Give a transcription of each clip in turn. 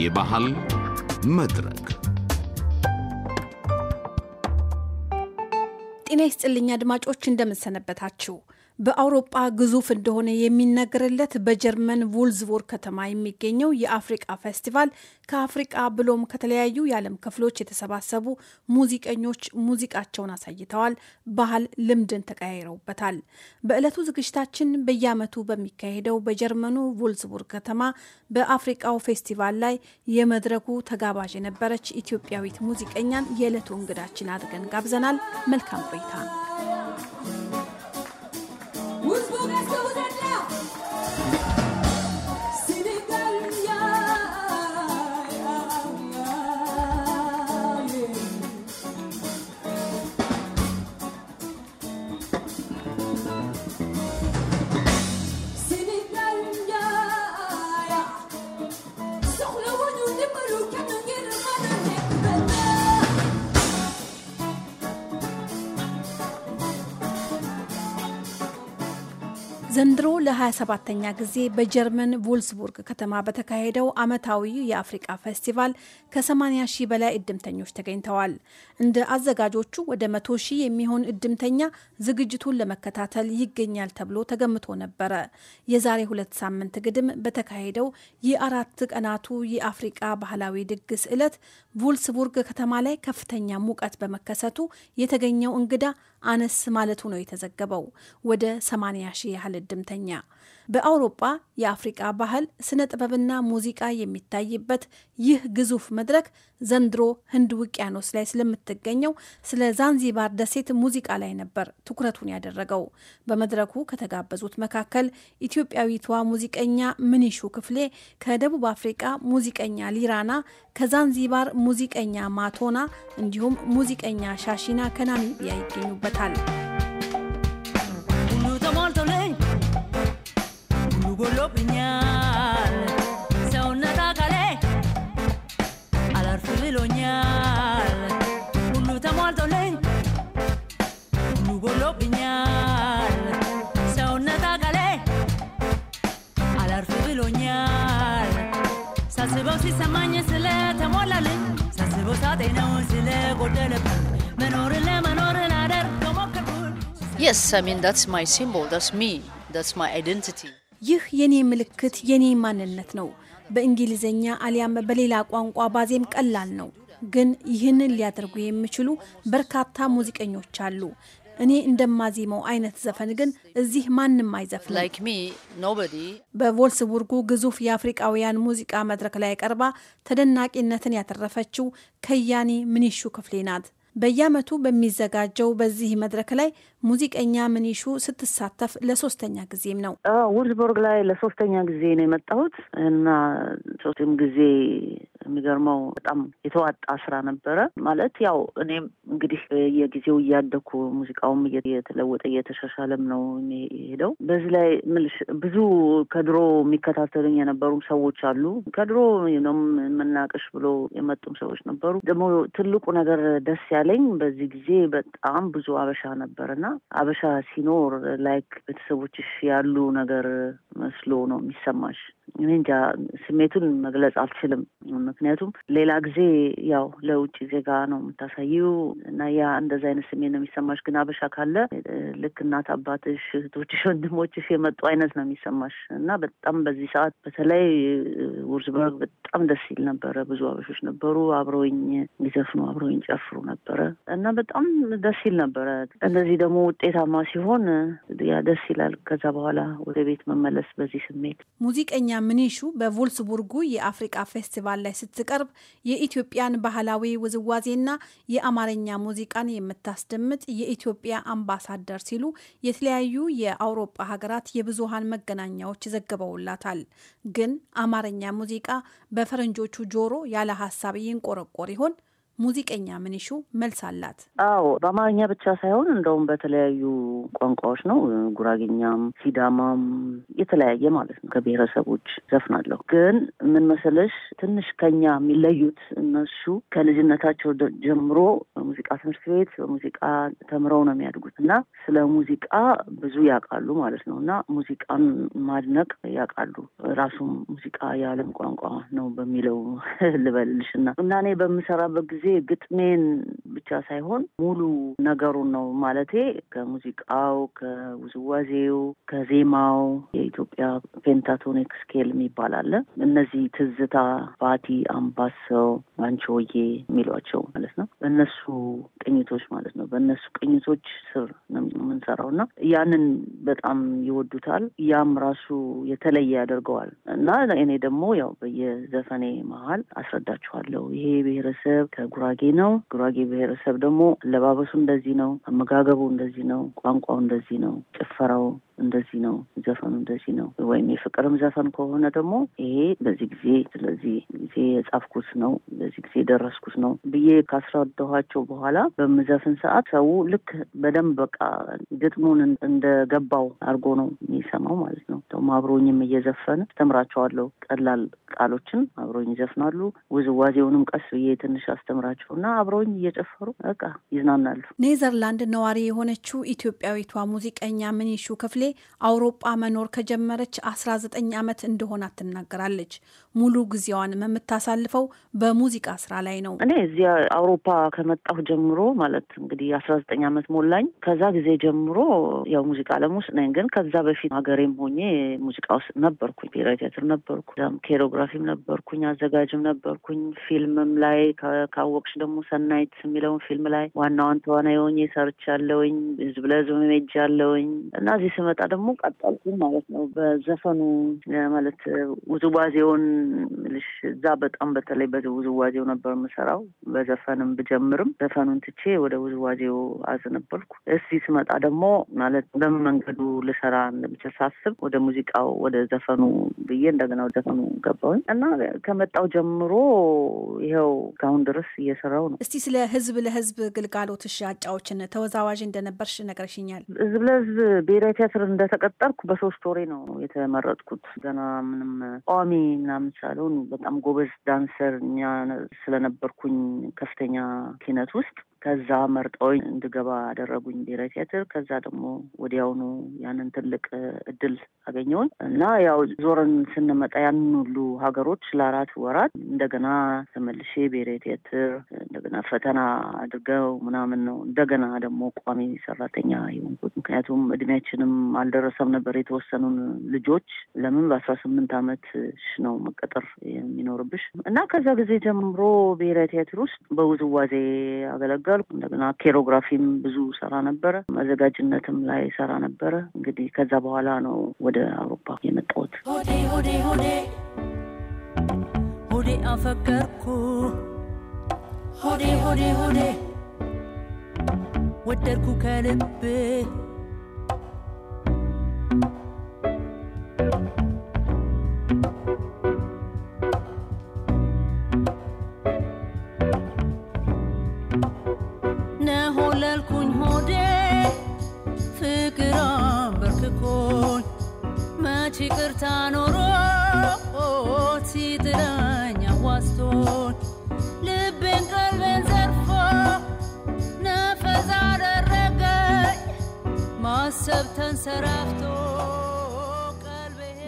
የባህል መድረክ ጤና ይስጥልኝ አድማጮች እንደምንሰነበታችሁ በአውሮጳ ግዙፍ እንደሆነ የሚነገርለት በጀርመን ቮልዝቦር ከተማ የሚገኘው የአፍሪቃ ፌስቲቫል ከአፍሪቃ ብሎም ከተለያዩ የዓለም ክፍሎች የተሰባሰቡ ሙዚቀኞች ሙዚቃቸውን አሳይተዋል። ባህል ልምድን ተቀያይረውበታል። በዕለቱ ዝግጅታችን በየዓመቱ በሚካሄደው በጀርመኑ ቮልዝቡር ከተማ በአፍሪቃው ፌስቲቫል ላይ የመድረኩ ተጋባዥ የነበረች ኢትዮጵያዊት ሙዚቀኛን የዕለቱ እንግዳችን አድርገን ጋብዘናል። መልካም ቆይታ። android ለ 27 ተኛ ጊዜ በጀርመን ቮልስቡርግ ከተማ በተካሄደው ዓመታዊ የአፍሪቃ ፌስቲቫል ከ80 ሺህ በላይ እድምተኞች ተገኝተዋል። እንደ አዘጋጆቹ ወደ 100 ሺህ የሚሆን እድምተኛ ዝግጅቱን ለመከታተል ይገኛል ተብሎ ተገምቶ ነበረ። የዛሬ ሁለት ሳምንት ግድም በተካሄደው የአራት ቀናቱ የአፍሪቃ ባህላዊ ድግስ ዕለት ቮልስቡርግ ከተማ ላይ ከፍተኛ ሙቀት በመከሰቱ የተገኘው እንግዳ አነስ ማለቱ ነው የተዘገበው ወደ 80 ሺህ ያህል እድምተኛ በአውሮጳ የአፍሪቃ ባህል ስነ ጥበብና ሙዚቃ የሚታይበት ይህ ግዙፍ መድረክ ዘንድሮ ህንድ ውቅያኖስ ላይ ስለምትገኘው ስለ ዛንዚባር ደሴት ሙዚቃ ላይ ነበር ትኩረቱን ያደረገው። በመድረኩ ከተጋበዙት መካከል ኢትዮጵያዊቷ ሙዚቀኛ ምንሹ ክፍሌ ከደቡብ አፍሪቃ ሙዚቀኛ ሊራና ከዛንዚባር ሙዚቀኛ ማቶና እንዲሁም ሙዚቀኛ ሻሺና ከናሚቢያ ይገኙበታል። ሲሰማኝ ስለተሞላልኝ ሳስበው ሳቴ ነው ስለጎደለብኝ መኖር ለመኖር ላደር ተሞክርኩኝ Yes, I mean that's my symbol, that's me, that's my identity. ይህ የኔ ምልክት የኔ ማንነት ነው። በእንግሊዝኛ አሊያም በሌላ ቋንቋ ባዜም ቀላል ነው። ግን ይህንን ሊያደርጉ የሚችሉ በርካታ ሙዚቀኞች አሉ። እኔ እንደማዜመው አይነት ዘፈን ግን እዚህ ማንም አይዘፍንም። በቮልስቡርጉ ግዙፍ የአፍሪቃውያን ሙዚቃ መድረክ ላይ ቀርባ ተደናቂነትን ያተረፈችው ከያኒ ምንሹ ክፍሌ ናት። በየዓመቱ በሚዘጋጀው በዚህ መድረክ ላይ ሙዚቀኛ ምኒሹ ስትሳተፍ ለሶስተኛ ጊዜም ነው። ውልስበርግ ላይ ለሶስተኛ ጊዜ ነው የመጣሁት እና ሶስትም ጊዜ የሚገርመው በጣም የተዋጣ ስራ ነበረ። ማለት ያው እኔም እንግዲህ የጊዜው እያደኩ ሙዚቃውም እየተለወጠ እየተሻሻለም ነው ሄደው። በዚህ ላይ ምልሽ ብዙ ከድሮ የሚከታተሉኝ የነበሩ ሰዎች አሉ። ከድሮ ነው የምናቅሽ ብሎ የመጡም ሰዎች ነበሩ። ደግሞ ትልቁ ነገር ደስ ያለኝ በዚህ ጊዜ በጣም ብዙ አበሻ ነበርና አበሻ ሲኖር ላይክ ቤተሰቦችሽ ያሉ ነገር መስሎ ነው የሚሰማሽ። እኔ እንጃ ስሜቱን መግለጽ አልችልም። ምክንያቱም ሌላ ጊዜ ያው ለውጭ ዜጋ ነው የምታሳየው እና ያ እንደዚ አይነት ስሜት ነው የሚሰማሽ። ግን አበሻ ካለ ልክ እናት አባትሽ፣ እህቶችሽ፣ ወንድሞችሽ የመጡ አይነት ነው የሚሰማሽ እና በጣም በዚህ ሰዓት በተለይ ውርዝበርግ በጣም ደስ ይል ነበረ። ብዙ አበሾች ነበሩ። አብረውኝ የሚዘፍኑ አብረውኝ ጨፍሩ ነበረ እና በጣም ደስ ይል ነበረ። እንደዚህ ደግሞ ውጤታማ ሲሆን ያ ደስ ይላል። ከዛ በኋላ ወደ ቤት መመለስ በዚህ ስሜት ሙዚቀኛ ምኒሹ በቮልስቡርጉ የአፍሪቃ ፌስቲቫል ላይ ስትቀርብ የኢትዮጵያን ባህላዊ ውዝዋዜና የአማርኛ ሙዚቃን የምታስደምጥ የኢትዮጵያ አምባሳደር ሲሉ የተለያዩ የአውሮፓ ሀገራት የብዙሃን መገናኛዎች ዘግበውላታል። ግን አማርኛ ሙዚቃ በፈረንጆቹ ጆሮ ያለ ሀሳብ ይንቆረቆር ይሆን? ሙዚቀኛ ምንሹ መልስ አላት። አዎ በአማርኛ ብቻ ሳይሆን እንደውም በተለያዩ ቋንቋዎች ነው። ጉራጌኛም፣ ሲዳማም የተለያየ ማለት ነው። ከብሔረሰቦች ዘፍናለሁ። ግን ምን መሰለሽ ትንሽ ከኛ የሚለዩት እነሱ ከልጅነታቸው ጀምሮ በሙዚቃ ትምህርት ቤት በሙዚቃ ተምረው ነው የሚያድጉት እና ስለ ሙዚቃ ብዙ ያውቃሉ ማለት ነው እና ሙዚቃን ማድነቅ ያውቃሉ። ራሱም ሙዚቃ የዓለም ቋንቋ ነው በሚለው ልበልልሽ እና እና እኔ በምሰራበት ጊዜ ጊዜ ግጥሜን ብቻ ሳይሆን ሙሉ ነገሩን ነው ማለቴ ከሙዚቃው፣ ከውዝዋዜው፣ ከዜማው የኢትዮጵያ ፔንታቶኒክ ስኬል የሚባል አለ። እነዚህ ትዝታ፣ ባቲ አምባሰው፣ ማንቾዬ የሚሏቸው ማለት ነው። በእነሱ ቅኝቶች ማለት ነው። በእነሱ ቅኝቶች ስር ነው የምንሰራው እና ያንን በጣም ይወዱታል። ያም ራሱ የተለየ ያደርገዋል እና እኔ ደግሞ ያው በየዘፈኔ መሀል አስረዳችኋለሁ ይሄ ብሔረሰብ ጉራጌ ነው። ጉራጌ ብሔረሰብ ደግሞ አለባበሱ እንደዚህ ነው፣ አመጋገቡ እንደዚህ ነው፣ ቋንቋው እንደዚህ ነው፣ ጭፈራው እንደዚህ ነው፣ ዘፈኑ እንደዚህ ነው። ወይም የፍቅርም ዘፈን ከሆነ ደግሞ ይሄ በዚህ ጊዜ ስለዚህ ጊዜ የጻፍኩት ነው፣ በዚህ ጊዜ የደረስኩት ነው ብዬ ካስረዳኋቸው በኋላ በምዘፍን ሰዓት ሰው ልክ በደንብ በቃ ግጥሙን እንደገባው አድርጎ ነው የሚሰማው ማለት ነው። ደግሞ አብሮኝም እየዘፈን አስተምራቸዋለሁ። ቀላል ቃሎችን አብሮኝ ይዘፍናሉ። ውዝዋዜውንም ቀስ ብዬ ትንሽ አስተምር ኖራቸው እና አብረውኝ እየጨፈሩ በቃ ይዝናናሉ። ኔዘርላንድ ነዋሪ የሆነችው ኢትዮጵያዊቷ ሙዚቀኛ ምኒሹ ክፍሌ አውሮጳ መኖር ከጀመረች 19 ዓመት እንደሆና ትናገራለች። ሙሉ ጊዜዋን የምታሳልፈው በሙዚቃ ስራ ላይ ነው። እኔ እዚያ አውሮፓ ከመጣሁ ጀምሮ ማለት እንግዲህ 19 ዓመት ሞላኝ። ከዛ ጊዜ ጀምሮ ያው ሙዚቃ አለም ውስጥ ነኝ። ግን ከዛ በፊት ሀገሬም ሆኜ ሙዚቃ ውስጥ ነበርኩኝ። ብሔራዊ ቲያትር ነበርኩ፣ ኬሮግራፊም ነበርኩኝ፣ አዘጋጅም ነበርኩኝ። ፊልምም ላይ ካወቅሽ ደግሞ ሰናይት የሚለውን ፊልም ላይ ዋናዋን ተዋናይ ሆኜ ሰርቻለሁኝ። ህዝብ ለህዝብ ሄጃለሁኝ እና እዚህ ስመጣ ደግሞ ቀጠልኩ ማለት ነው በዘፈኑ ማለት ውዝዋዜውን ልሽ እዛ በጣም በተለይ በውዝዋዜው ነበር የምሰራው። በዘፈንም ብጀምርም ዘፈኑን ትቼ ወደ ውዝዋዜው አዘነበልኩ። እዚህ ስመጣ ደግሞ ማለት በምን መንገዱ ልሰራ እንደምችል ሳስብ ወደ ሙዚቃው ወደ ዘፈኑ ብዬ እንደገና ወደ ዘፈኑ ገባሁኝ እና ከመጣው ጀምሮ ይኸው እስካሁን ድረስ እየሰራው ነው። እስቲ ስለ ህዝብ ለህዝብ ግልጋሎትሽ አጫዎችን ተወዛዋዥ እንደነበርሽ ነገርሽኛል። ህዝብ ለህዝብ ብሔራዊ ቲያትር እንደተቀጠርኩ በሶስት ወሬ ነው የተመረጥኩት። ገና ምንም ቋሚ እና ሳልሆን በጣም ጎበዝ ዳንሰር እኛ ስለነበርኩኝ ከፍተኛ ኪነት ውስጥ ከዛ መርጠውኝ እንድገባ አደረጉኝ ብሔራዊ ቲያትር። ከዛ ደግሞ ወዲያውኑ ያንን ትልቅ እድል አገኘውን እና ያው ዞርን ስንመጣ ያንን ሁሉ ሀገሮች ለአራት ወራት እንደገና ተመልሼ ብሔራዊ ቲያትር እንደገና ፈተና አድርገው ምናምን ነው እንደገና ደግሞ ቋሚ ሰራተኛ የሆንኩት። ምክንያቱም እድሜያችንም አልደረሰም ነበር የተወሰኑን ልጆች ለምን በአስራ ስምንት አመት ነው መቀጠር የሚኖርብሽ እና ከዛ ጊዜ ጀምሮ ብሔራዊ ቲያትር ውስጥ በውዝዋዜ አገለገ ቻልኩ። እንደገና ኬሮግራፊም ብዙ ሰራ ነበረ፣ መዘጋጅነትም ላይ ሰራ ነበረ። እንግዲህ ከዛ በኋላ ነው ወደ አውሮፓ የመጣሁት። ሆዴ አፈቀርኩ ሆዴ ሆዴ ሆዴ ወደድኩ ከልቤ ይቅርታ ኖሮት ሲጥለኝ አዋስቶን ልቤን ቀልቤን ዘርፎ ነፈዝ አደረገኝ ማሰብ ተንሰራፍቶ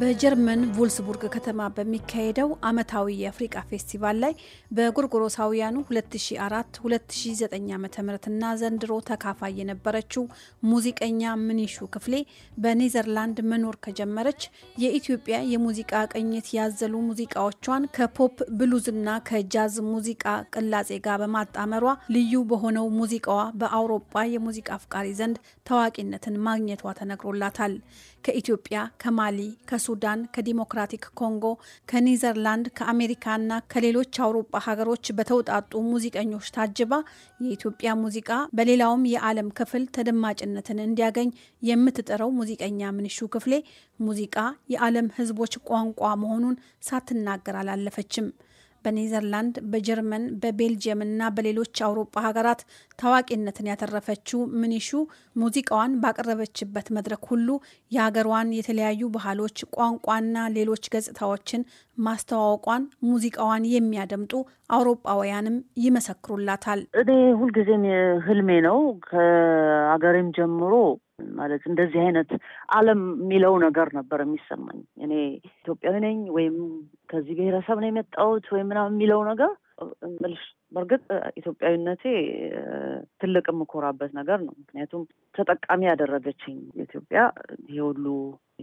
በጀርመን ቮልስቡርግ ከተማ በሚካሄደው ዓመታዊ የአፍሪቃ ፌስቲቫል ላይ በጎርጎሮሳውያኑ 2004 2009 ዓ ዘንድሮ ተካፋይ የነበረችው ሙዚቀኛ ምኒሹ ክፍሌ በኔዘርላንድ መኖር ከጀመረች የኢትዮጵያ የሙዚቃ ቅኝት ያዘሉ ሙዚቃዎቿን ከፖፕ ብሉዝ ና ከጃዝ ሙዚቃ ቅላጼ ጋር በማጣመሯ ልዩ በሆነው ሙዚቃዋ በአውሮፓ የሙዚቃ አፍቃሪ ዘንድ ታዋቂነትን ማግኘቷ ተነግሮላታል። ከኢትዮጵያ፣ ከማሊ፣ ከሱዳን፣ ከዲሞክራቲክ ኮንጎ፣ ከኔዘርላንድ፣ ከአሜሪካና ከሌሎች አውሮፓ ሀገሮች በተውጣጡ ሙዚቀኞች ታጅባ የኢትዮጵያ ሙዚቃ በሌላውም የዓለም ክፍል ተደማጭነትን እንዲያገኝ የምትጥረው ሙዚቀኛ ምንሹ ክፍሌ ሙዚቃ የዓለም ሕዝቦች ቋንቋ መሆኑን ሳትናገር አላለፈችም። በኔዘርላንድ፣ በጀርመን፣ በቤልጅየም እና በሌሎች አውሮፓ ሀገራት ታዋቂነትን ያተረፈችው ምኒሹ ሙዚቃዋን ባቀረበችበት መድረክ ሁሉ የሀገሯን የተለያዩ ባህሎች፣ ቋንቋና ሌሎች ገጽታዎችን ማስተዋወቋን ሙዚቃዋን የሚያደምጡ አውሮፓውያንም ይመሰክሩላታል። እኔ ሁልጊዜም ህልሜ ነው ከሀገሬም ጀምሮ ማለት እንደዚህ አይነት ዓለም የሚለው ነገር ነበር የሚሰማኝ። እኔ ኢትዮጵያዊ ነኝ ወይም ከዚህ ብሔረሰብ ነው የመጣሁት ወይም ምናምን የሚለው ነገር መልሽ በእርግጥ ኢትዮጵያዊነቴ ትልቅ የምኮራበት ነገር ነው። ምክንያቱም ተጠቃሚ ያደረገችኝ ኢትዮጵያ ሁሉ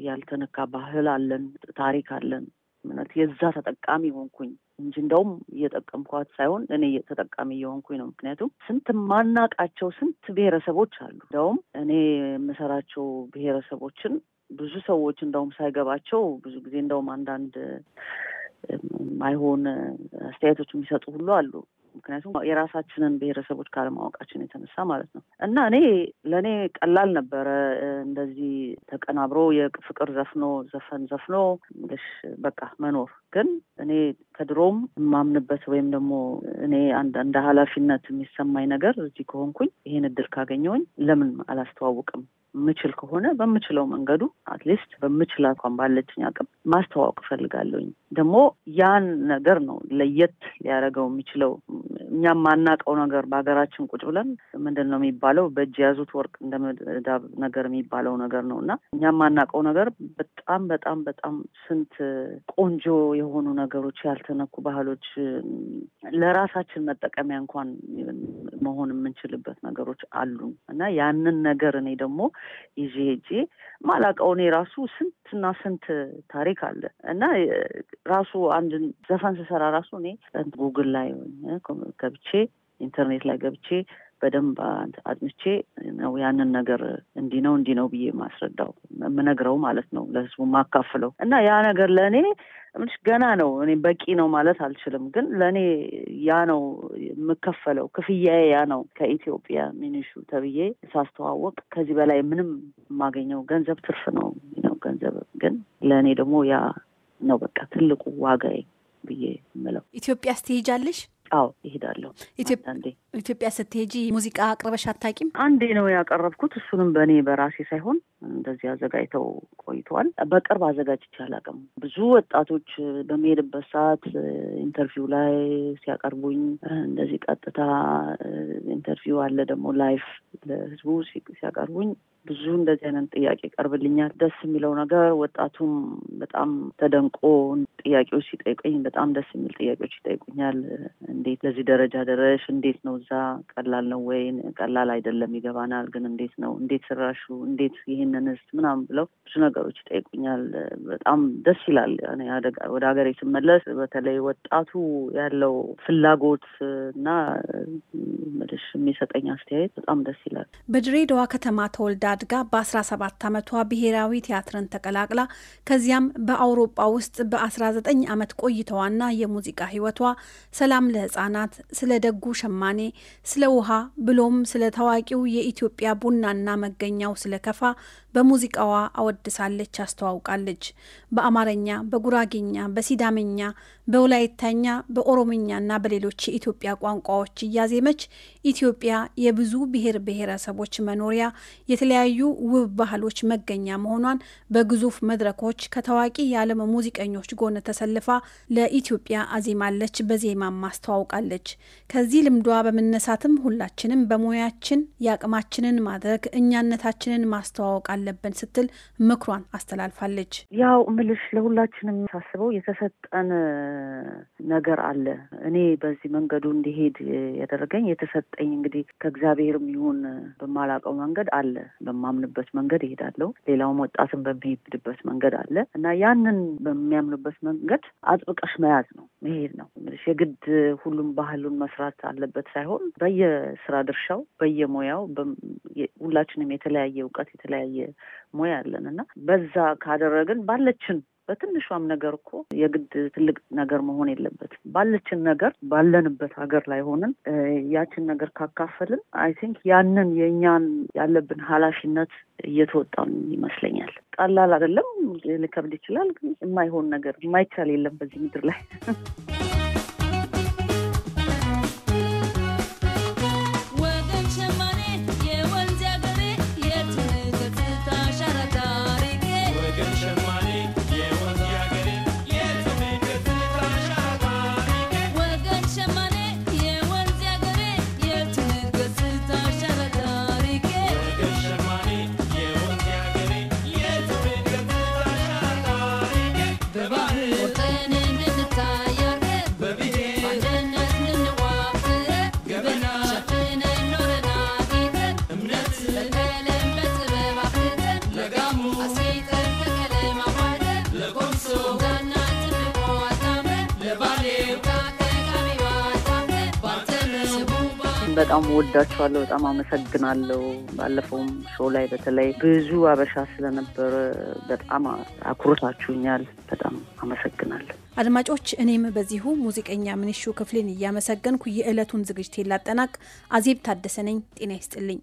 ያልተነካ ባህል አለን፣ ታሪክ አለን፣ ምነት የዛ ተጠቃሚ ሆንኩኝ እንጂ እንደውም እየጠቀምኳት ሳይሆን እኔ ተጠቃሚ እየሆንኩኝ ነው። ምክንያቱም ስንት ማናቃቸው ስንት ብሔረሰቦች አሉ። እንደውም እኔ የምሰራቸው ብሔረሰቦችን ብዙ ሰዎች እንደውም ሳይገባቸው ብዙ ጊዜ እንደውም አንዳንድ ማይሆን አስተያየቶች የሚሰጡ ሁሉ አሉ። ምክንያቱም የራሳችንን ብሔረሰቦች ካለማወቃችን የተነሳ ማለት ነው። እና እኔ ለእኔ ቀላል ነበረ እንደዚህ ተቀናብሮ የፍቅር ዘፍኖ ዘፈን ዘፍኖ በቃ መኖር ግን እኔ ከድሮም የማምንበት ወይም ደግሞ እኔ እንደ ኃላፊነት የሚሰማኝ ነገር እዚህ ከሆንኩኝ ይሄን እድል ካገኘውኝ ለምን አላስተዋውቅም? ምችል ከሆነ በምችለው መንገዱ አትሊስት በምችል አቋም ባለችኝ አቅም ማስተዋወቅ እፈልጋለሁኝ። ደግሞ ያን ነገር ነው ለየት ሊያደርገው የሚችለው። እኛም ማናቀው ነገር በሀገራችን ቁጭ ብለን ምንድን ነው የሚባለው በእጅ የያዙት ወርቅ እንደ መዳብ ነገር የሚባለው ነገር ነው እና እኛም ማናቀው ነገር በጣም በጣም በጣም ስንት ቆንጆ የሆኑ ነገሮች ያል ያልተነኩ ባህሎች ለራሳችን መጠቀሚያ እንኳን መሆን የምንችልበት ነገሮች አሉን እና ያንን ነገር እኔ ደግሞ ይዤ ሄጄ ማላውቀው እኔ ራሱ ስንትና ስንት ታሪክ አለ እና ራሱ አንድ ዘፈን ስሰራ ራሱ እኔ ጉግል ላይ ገብቼ ኢንተርኔት ላይ ገብቼ በደንብ አጥንቼ ነው ያንን ነገር እንዲህ ነው እንዲህ ነው ብዬ ማስረዳው የምነግረው ማለት ነው ለህዝቡ ማካፍለው እና ያ ነገር ለእኔ ገና ነው። እኔ በቂ ነው ማለት አልችልም፣ ግን ለእኔ ያ ነው የምከፈለው ክፍያዬ ያ ነው። ከኢትዮጵያ ሚኒሹ ተብዬ ሳስተዋወቅ ከዚህ በላይ ምንም የማገኘው ገንዘብ ትርፍ ነው ነው ገንዘብ ግን ለእኔ ደግሞ ያ ነው በቃ ትልቁ ዋጋዬ ብዬ የምለው። ኢትዮጵያ ስትሄጃለሽ አዎ ይሄዳለሁ። ኢትዮጵያ ስትሄጂ ሙዚቃ አቅርበሽ አታቂም? አንዴ ነው ያቀረብኩት፣ እሱንም በእኔ በራሴ ሳይሆን እንደዚህ አዘጋጅተው ቆይተዋል። በቅርብ አዘጋጅቼ አላውቅም። ብዙ ወጣቶች በሚሄድበት ሰዓት ኢንተርቪው ላይ ሲያቀርቡኝ እንደዚህ ቀጥታ ኢንተርቪው አለ ደግሞ ላይፍ ለህዝቡ ሲያቀርቡኝ ብዙ እንደዚህ አይነት ጥያቄ ቀርብልኛል። ደስ የሚለው ነገር ወጣቱም በጣም ተደንቆ ጥያቄዎች ሲጠይቁኝ በጣም ደስ የሚል ጥያቄዎች ይጠይቁኛል። እንዴት ለዚህ ደረጃ ደረሽ? እንዴት ነው እዛ ቀላል ነው ወይ? ቀላል አይደለም ይገባናል፣ ግን እንዴት ነው እንዴት ስራሹ? እንዴት ይህንንስ ምናምን ብለው ብዙ ነገሮች ይጠይቁኛል። በጣም ደስ ይላል። ወደ ሀገሬ ስመለስ በተለይ ወጣቱ ያለው ፍላጎት እና ምልሽ የሚሰጠኝ አስተያየት በጣም ደስ ይላል። በድሬዳዋ ከተማ ተወልዳ አድጋ በ17 ዓመቷ ብሔራዊ ቲያትርን ተቀላቅላ ከዚያም በአውሮፓ ውስጥ በ19 ዓመት ቆይታዋና የሙዚቃ ህይወቷ ሰላም ለህፃናት ስለ ደጉ ሸማኔ፣ ስለ ውሃ ብሎም ስለ ታዋቂው የኢትዮጵያ ቡናና መገኛው ስለ ከፋ በሙዚቃዋ አወድሳለች፣ አስተዋውቃለች። በአማርኛ፣ በጉራጌኛ፣ በሲዳምኛ፣ በወላይታኛ፣ በኦሮምኛና በሌሎች የኢትዮጵያ ቋንቋዎች እያዜመች ኢትዮጵያ የብዙ ብሔር ብሔረሰቦች መኖሪያ፣ የተለያዩ ውብ ባህሎች መገኛ መሆኗን በግዙፍ መድረኮች ከታዋቂ የዓለም ሙዚቀኞች ጎን ተሰልፋ ለኢትዮጵያ አዜማለች፣ በዜማም አስተዋውቃለች። ከዚህ ልምዷ በመነሳትም ሁላችንም በሙያችን የአቅማችንን ማድረግ እኛነታችንን ማስተዋወቃለን አለብን ስትል ምክሯን አስተላልፋለች። ያው ምልሽ ለሁላችንም ሳስበው የተሰጠን ነገር አለ። እኔ በዚህ መንገዱ እንዲሄድ ያደረገኝ የተሰጠኝ እንግዲህ ከእግዚአብሔርም ይሁን በማላውቀው መንገድ አለ። በማምንበት መንገድ ይሄዳለሁ። ሌላውም ወጣትም በሚሄድበት መንገድ አለ እና ያንን በሚያምንበት መንገድ አጥብቀሽ መያዝ ነው መሄድ ነው። የግድ ሁሉም ባህሉን መስራት አለበት ሳይሆን በየስራ ድርሻው በየሙያው ሁላችንም የተለያየ እውቀት የተለያየ ሙያ አለን እና በዛ ካደረግን ባለችን በትንሿም ነገር እኮ የግድ ትልቅ ነገር መሆን የለበትም። ባለችን ነገር ባለንበት ሀገር ላይ ሆንን ያችን ነገር ካካፈልን አይ ቲንክ ያንን የእኛን ያለብን ኃላፊነት እየተወጣን ይመስለኛል። ቀላል አይደለም፣ ሊከብድ ይችላል። ግን የማይሆን ነገር የማይቻል የለም በዚህ ምድር ላይ በጣም ወዳችኋለሁ። በጣም አመሰግናለሁ። ባለፈውም ሾው ላይ በተለይ ብዙ አበሻ ስለነበረ በጣም አኩርታችሁኛል። በጣም አመሰግናለሁ። አድማጮች፣ እኔም በዚሁ ሙዚቀኛ ምንሹ ክፍሌን እያመሰገንኩ የዕለቱን ዝግጅት ላጠናቅ። አዜብ ታደሰ ነኝ። ጤና ይስጥልኝ።